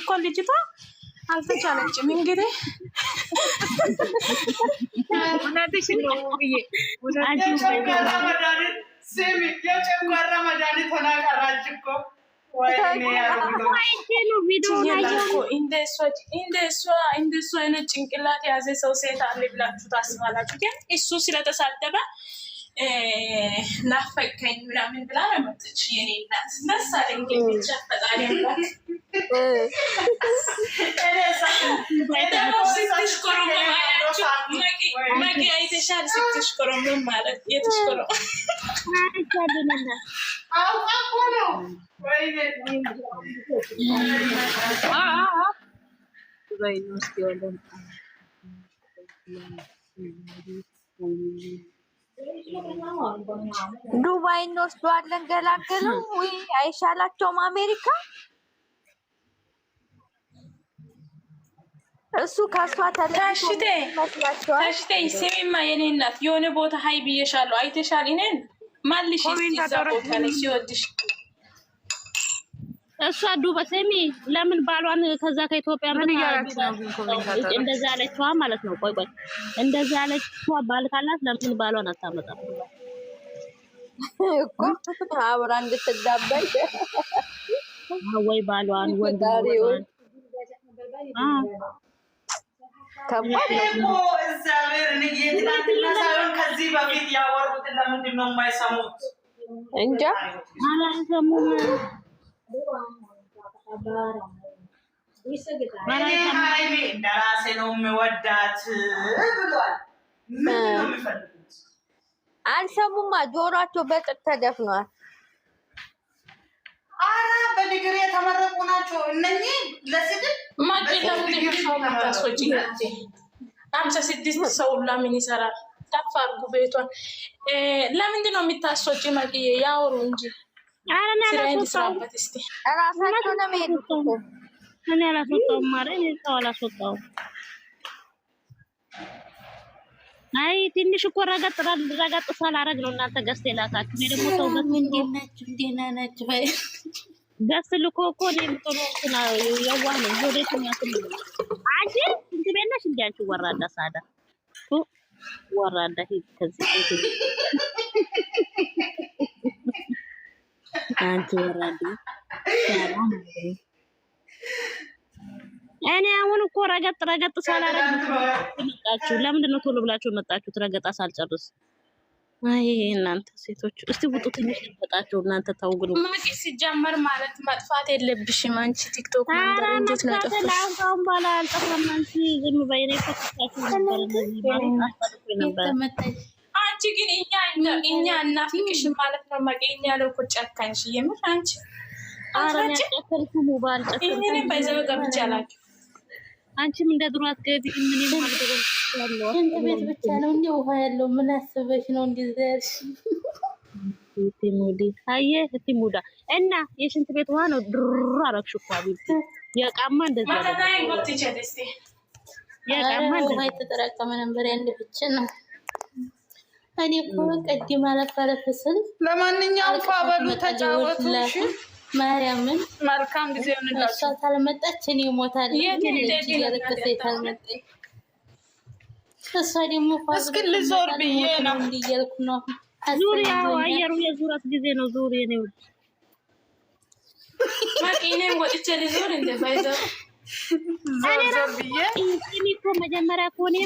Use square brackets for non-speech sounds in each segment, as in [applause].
እኮ ልጅቷ አልተቻለችም። እንግዲህ እውነትሽን ነው ብዬ የጨጓራ መድኃኒት ሆና እኮ እንደ አይነት ጭንቅላት የያዘ ሰው ሴት አለ ብላችሁ ታስባላችሁ? ግን እሱ ስለተሳደበ ናፈቀኝ ምናምን ብላ ነው መጥቼ እኔ እናት መሳለኝ ብቻ ፈጣሪ ያላት መቂ አይተሻል ስትሽኮረመም ማለት የተሽኮረ Thank you. ዱባይ እንወስደዋለን ገላገሉ። ወይ አይሻላቸውም? አሜሪካ እሱ ከእሷ ተለሽቴ ሽቴ ስሚማ፣ የኔ እናት የሆነ ቦታ ሀይ ብዬሻለሁ። አይተሻል? ይኔን ማልሽ ሲወድሽ እሷ ዱባ ስሚ፣ ለምን ባሏን ከዛ ከኢትዮጵያ ምን እንደዛ ያለችዋ ማለት ነው። ቆይ ቆይ እንደዛ ያለችዋ ባል ካላት ለምን ባሏን አታመጣም እኮ አብራ እንድትጋባይ ወይ ባሏን ወንዳሪውን ከባድ ነው። ከዚህ በፊት ያወሩትን ለምንድን ነው የማይሰሙት? እንጃ አላሰሙም። ሀይሚ እንደራሴ ነው አልሰሙማ። ጆሯቸው በጥጥ ተደፍኗል። አረ በዲግሪ የተመረቁ ናቸው እነኚህ። ለስድብ ስድስት ሰው ይሰራል? ጠፋ ቤቷን። ለምንድን ነው የሚታሶች? ማቅዬ ያወሩ እንጂ እኔ አላስወጣሁም ማለት እዛው አላስወጣሁም። አይ ትንሽ እኮ ረገጥ ረገጥ ሳላረግ ነው እናንተ ገዝት የላካችሁ። እኔ ደግሞ ሰው ገዝት ልኮ እኮ እኔ የምትሆኑ እንትና የዋህ ነኝ። ወዴት የሚያስል አንቺ እንትን ቤት ነሽ እንደ አንቺ ወራዳ ሳዳ ወራዳ ከዚህ አንቺ ወራዲ እኔ አሁን እኮ ረገጥ ረገጥ ሳላረግ መጣችሁ። ለምንድን ነው ቶሎ ብላችሁ መጣችሁት? ረገጣ ሳልጨርስ አይ እናንተ ሴቶች እስቲ ውጡ፣ ትንሽ ልበጣችሁ እናንተ። ታው ግሉ ሲጀመር ማለት መጥፋት የለብሽም አንቺ። ቲክቶክ መንደር እንዴት አልጠፋም። አንቺ ዝም በይ። እኔ ፈትቻችሁ አንቺ ግን እኛ እናፍቅሽ ማለት ነው። መገኛ ለው እኮ ጨካንሽ የምር አንቺ አንቺም እንደ ድሮ አትገቢ። ምን ሽንት ቤት ብቻ ነው እንዲ ውሃ ያለው ምን አስበሽ ነው እንዲዘር አየ ሙዳ እና የሽንት ቤት ውሃ ነው። ድሮ አረግሽ እኮ የቃማ እንደዚያ የቃማ የተጠራቀመ ነበር ብቻ ነው እኔ እኮ ቅድም አለፍ ስል ለማንኛውም ፋበሉ ተጫወቱ። ማርያምን መልካም ጊዜ ሆንላችሁ። እሷ ታልመጣች እኔ እሞታለሁ። እሷ ደግሞ እስኪ ልዞር ብዬ ነው እያልኩ ነው። አየሩ ጊዜ ነው። ዙሪ ነው ወጥቼ ልዞር እንደ ባይዘው መጀመሪያ ከሆነ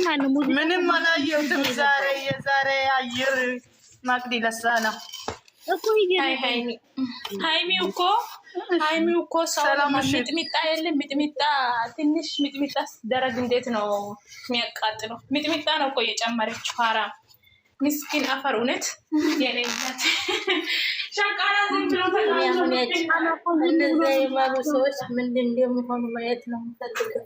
ምንም አላየሁትም። ዛሬ የዛሬ አየር ማቅዲ ለሳ ነው እኮ ሀይሚ እኮ ሀይሚ እኮ ሰው ሚጥሚጣ የለም ሚጥሚጣ ትንሽ ሚጥሚጣ ደረግ እንዴት ነው የሚያቃጥለው? ሚጥሚጣ ነው እኮ እየጨመረችው ሀራም ምስኪን አፈር እውነት [laughs] እንደዚያ የማሉ ሰዎች ምንድን እንደሚሆኑ ማየት ነው የምፈልገው።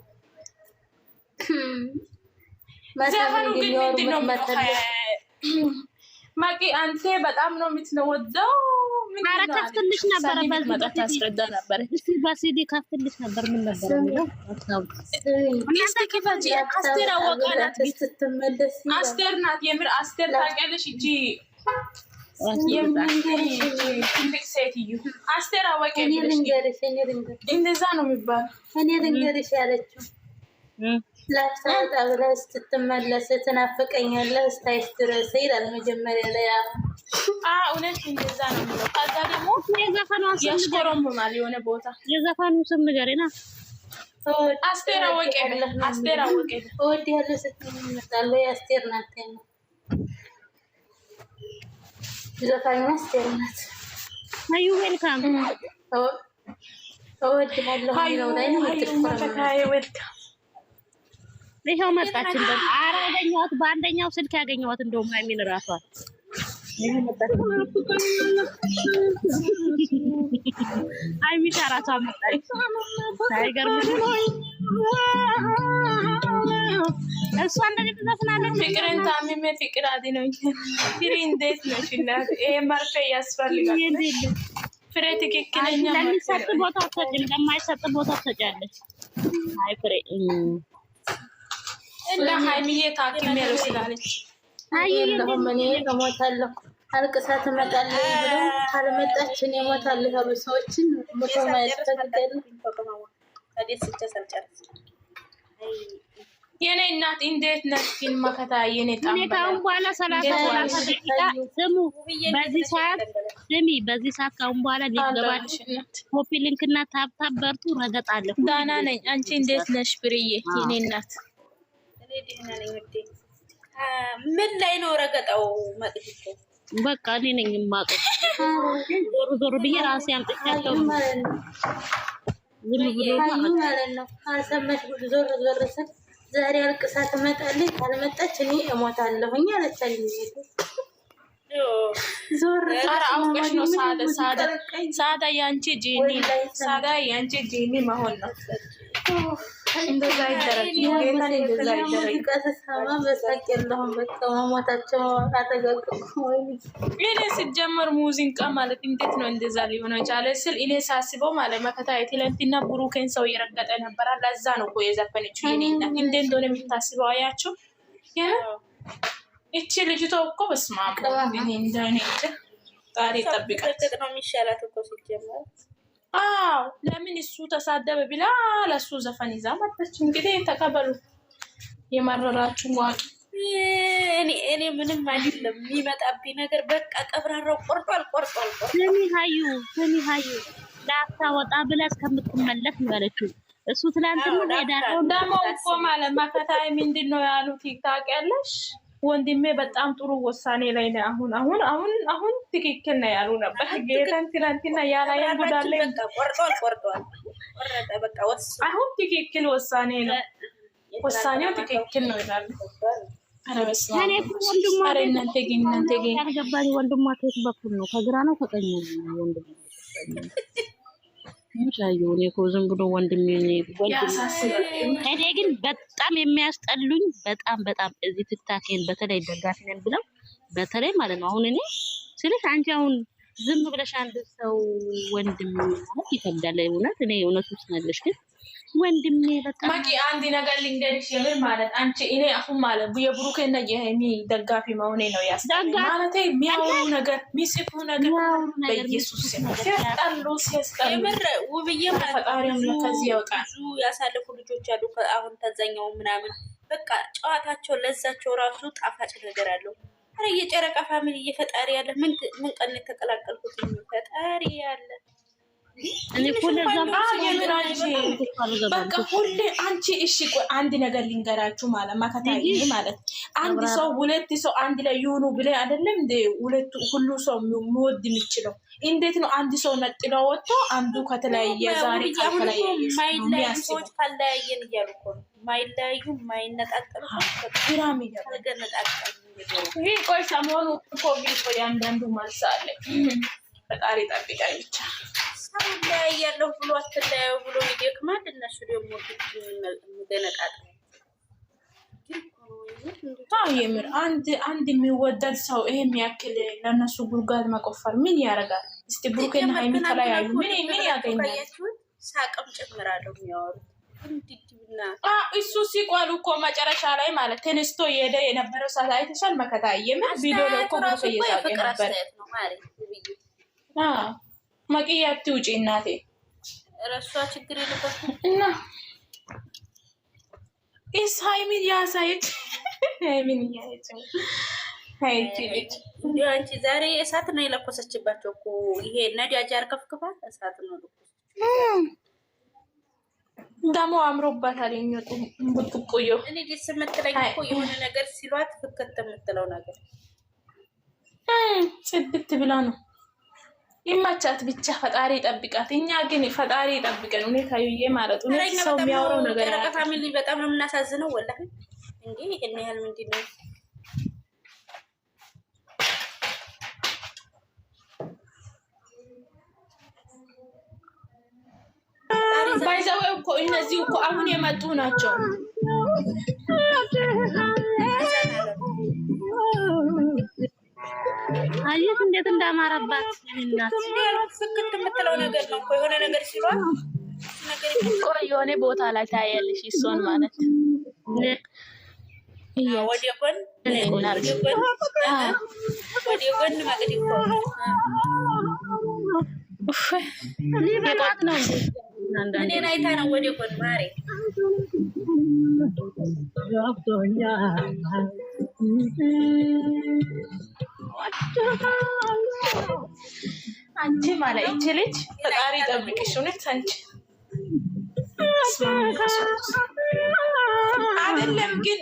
[laughs] ማቂ አንተ በጣም ነው የምትወደው ኧረ ከፍትልሽ ነበረ። በዚህ ታስረዳ ነበረ እስኪ በሲዲ ከፍትልሽ ነበር። ምን ነበር አስቴር አወቀ አስቴር ናት። የምር አስቴር ታውቂያለሽ? እጂ እንደዛ ነው የሚባለው። እኔ ልንገርሽ ያለችው ለብሳ ጠብለህ ስትመለስ ትናፍቀኛለህ እስታይሽ ድረስ ይላል መጀመሪያ ላይ። እውነት እንደዛ ነው የሚለው። ከዛ ደግሞ የሆነ ቦታ የዘፈኑ ስም አስቴር አስቴር እወድሃለሁ እመጣለሁ። የአስቴር ናት አስቴር ናት። አዩ ዌልካም እወድሃለሁ ላይ ነው ትልኩ ይኸው መጣች። እንደውም በአንደኛው ስልክ ያገኘዋት እንደውም ሀይሚን እራሷን ሀይሚሻ እራሷ መጣች። እሷ እንደዚህ ትዘፍናለች። ፍቅርን ታምሜ ፍቅር አድኖኛል። ፍቅር እንዴት ነሽ እናት? ይሄ መርፌ ያስፈልጋል። ፍሬ ትክክለኛ ለሚሰጥ ቦታ ለማይሰጥ ቦታ ትሰጫለች። አይ ፍሬ እንደ ሀይሚዬ ታክም ያለው ስላለች እኔ እሞታለሁ አልቅሳ ትመጣለች ብሎ ካልመጣች እኔ እሞታለሁ ያሉ ሰዎችን የኔ እናት እንዴት ነሽ? ግን መከታ የኔ ካሁን በኋላ ሰላሳ ሰላሳ ደቂቃ ስሙ። በዚህ ሰዓት ስሚ፣ በዚህ ሰዓት በኋላ ሊገባች ኮፒ ታብታብ በርቱ ረገጣለሁ። ነኝ። አንቺ እንዴት ነሽ? ብርዬ የኔ እናት ደህና ነኝ ውዴ። ምን ላይ ነው ረገጠው? መጥቶ በቃ እኔ ነኝ የማውቀው። ዞር ዞር ብዬ ራሴ አምጥቻለሁ። ዝም ብሎ ማለት ነው። አልሰማሽ ጉድ። ዞር ዞር ስል ዛሬ አልቅሳ ትመጣለች፣ ካልመጣች እኔ እሞታለሁኝ አለቻል። ሳዳ፣ ያንቺ ጂኒ፣ ሳዳ ያንቺ ጂኒ መሆን ነው እንደዛ ይደረግ እኔ ስጀመር ሙዚቃ ማለት እንዴት ነው እንደዛ ሊሆን የቻለ ስል እኔ ሳስበው ማለት መከታ የትላንትና ብሩኬን ሰው እየረገጠ ነበረ። ለዛ ነው እኮ የዘፈነችው። እንዴ እንደሆነ የሚታስበው አያቸው። እቺ ልጅቷ እኮ በስማ ጣሪ ጠብቃት ነው የሚሻላት እኮ ሲጀመር አዎ ለምን እሱ ተሳደበ ብላ ለሱ ዘፈን ይዛ መጣች። እንግዲህ ተቀበሉ፣ የመረራችሁ ዋቅ እኔ እኔ ምንም አይደለም። የሚመጣብኝ ነገር በቃ ቀብራራው ቆርጧል፣ ቆርጧል፣ ቆርጧል። ስሚ ሀዩ፣ ስሚ ሀዩ ዳታ ወጣ ብላ እስከምትመለስ ነው ያለችው። እሱ ትላንትና ዳታ ደግሞ እኮ ማለት መከታይ ምንድን ነው ያሉት ታውቂያለሽ? ወንድሜ በጣም ጥሩ ውሳኔ ላይ ነው። አሁን አሁን አሁን አሁን ትክክል ነው ያሉ ነበር። ጌታን ትላንትና ያላየን ጉዳለኝ አሁን ትክክል ውሳኔ ነው። ውሳኔው ትክክል ነው ይላሉ። እናንተ ግን እናንተ በኩል ነው? ከግራ ነው ከቀኝ ነው? ሳየውን እኮ ዝም ብሎ ወንድም እኔ ግን በጣም የሚያስጠሉኝ በጣም በጣም እዚህ ትክታኬን በተለይ ደጋፊ ነን ብለው በተለይ ማለት ነው። አሁን እኔ ስልሽ አንቺ አሁን ዝም ብለሽ አንድ ሰው ወንድም ማለት ይከብዳል። እውነት እኔ እውነት ውስጥ ነለሽ ግን ወንድሜ በጣም ማቂ አንድ ነገር ልንገርሽ፣ የምር ማለት አንቺ እኔ አሁን ማለት የብሩክና የሀይሚ ደጋፊ መሆኔ ነው ያስ ማለት የሚያወሩ ነገር የሚጽፉ ነገር በኢየሱስ ሲያስጠሉ ሲያስጠሉ የምር ውብዬ ፈጣሪም ከዚህ ያውጣል። ብዙ ያሳለፉ ልጆች አሉ። አሁን ተዛኛው ምናምን በቃ ጨዋታቸው ለዛቸው ራሱ ጣፋጭ ነገር አለው። ኧረ የጨረቃ ፋሚሊ እየፈጣሪ ያለ ምን ምን ቀን የተቀላቀልኩት ፈጣሪ ያለ በቃ ሁሌ አንቺ እሺ፣ አንድ ነገር ልንገራችሁ ማለት መከታዬ ማለት አንድ ሰው ሁለት ሰው አንድ ላይ ይሁኑ ብለ አይደለም እንደ ሁለቱ ሁሉ ሰው የሚወድ የሚችለው እንዴት ነው? አንድ ሰው ነጥሎ ወጥቶ አንዱ ከተለያየ ዛሬ ከተለያየ እያሉ እኮ ነው። ማይለያዩ ማይነጣጠሉ ይሄ ቆይ ሰሞኑ እኮ ቢቆይ አንዳንዱ መልስ ፈጣሪ ጠብቃ ይቻል እለያለሁ ብሎ አትለያዩ ብሎ ይደክማል። እነሱ ደግሞ ምገነቃጥ የምር አንድ የሚወደድ ሰው ይሄ የሚያክል ለእነሱ ጉድጓድ መቆፈር ምን ያደርጋል? እስቲ ብሩኬና ሀይሚ ተለያዩ ምን ያገኛል? ሳቅም ጨምራለሁ የሚያወሩት እሱ ሲቋሉ እኮ መጨረሻ ላይ ማለት ተነስቶ የሄደ የነበረው ሰዓት አይተሻል? መከታ የምር ቪዲዮ ላይ እኮ ብሩኬ ነበር። መቅያ አትውጪ እናቴ። ረሷ ችግር የለበትም እና ኢስ ሀይሚን ያሳየች ሀይሚን እያየች አንቺ ዛሬ እሳት ነው የለኮሰችባቸው እኮ ይሄ ነዳጅ አርከፍክፋ እሳት ነው ደግሞ አምሮባታል። የሚወጡ ቡጥቁዮ እኔ ደስ የምትለኝ እኮ የሆነ ነገር ሲሏት ፍክት የምትለው ነገር ጽድት ብላ ነው ይመቻት ብቻ ፈጣሪ ጠብቃት። እኛ ግን ፈጣሪ ጠብቀን ሁኔታ ዩዬ ማለት ሁኔ ሰው የሚያወራው ነገር ጨረቃ ፋሚሊ በጣም ነው የምናሳዝነው። ወላሂ እንዴ ይሄን ያህል ምንድን ነው ባይዘው እኮ እነዚህ እኮ አሁን የመጡ ናቸው። አየት እንዴት እንዳማረባት ስክት የምትለው የሆነ ቦታ ላይ ታያለሽ። እሷን ማለት ወደ ጎን ነው። አንቺ ማለት ይቺ ልጅ ፈጣሪ ጠብቅሽ። እውነት አንቺ አይደለም ግን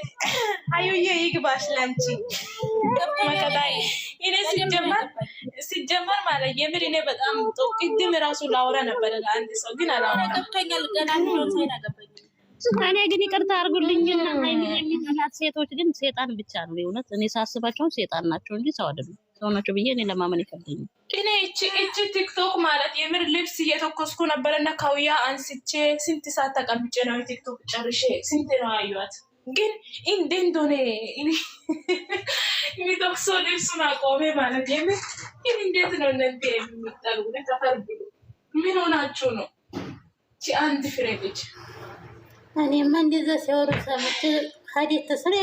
አዩዬ ይግባሽ። ለአንቺ ሲጀመር ማለት የምር እኔ በጣም ቅድም ራሱ ላውራ ነበረ አንድ ሰው ግን አላ ገብቶኛል ገና እኔ ግን ይቅርታ አድርጉልኝና የሚጠላት ሴቶች ግን ሴጣን ብቻ ነው የእውነት። እኔ ሳስባቸውን ሴጣን ናቸው እንጂ ሰው አይደሉም። ሰው ናቸው ብዬ እኔ ለማመን ይከብደኛል። እኔ እቺ እቺ ቲክቶክ ማለት የምር ልብስ እየተኮስኩ ነበረና ካውያ አንስቼ ስንት ሰዓት ተቀምጬ ነው ቲክቶክ ጨርሼ ስንት ነው አዩት ግን እንዴ እንደሆነ [laughs] የሚጠቅሶ ልብሱን አቆሜ ማለት የምር ግን እንዴት ነው እነንቴ የሚጠሉ ተፈርግ ምን ሆናችሁ ነው? አንድ ፍሬ ልጅ እኔማ እንደዛ ሲያወሩ ሰምቼ ሀዲት ስሬ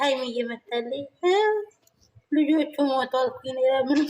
ሀይሚዬ መታለኝ ልጆቹ ሞቷል ኩኝ ምንም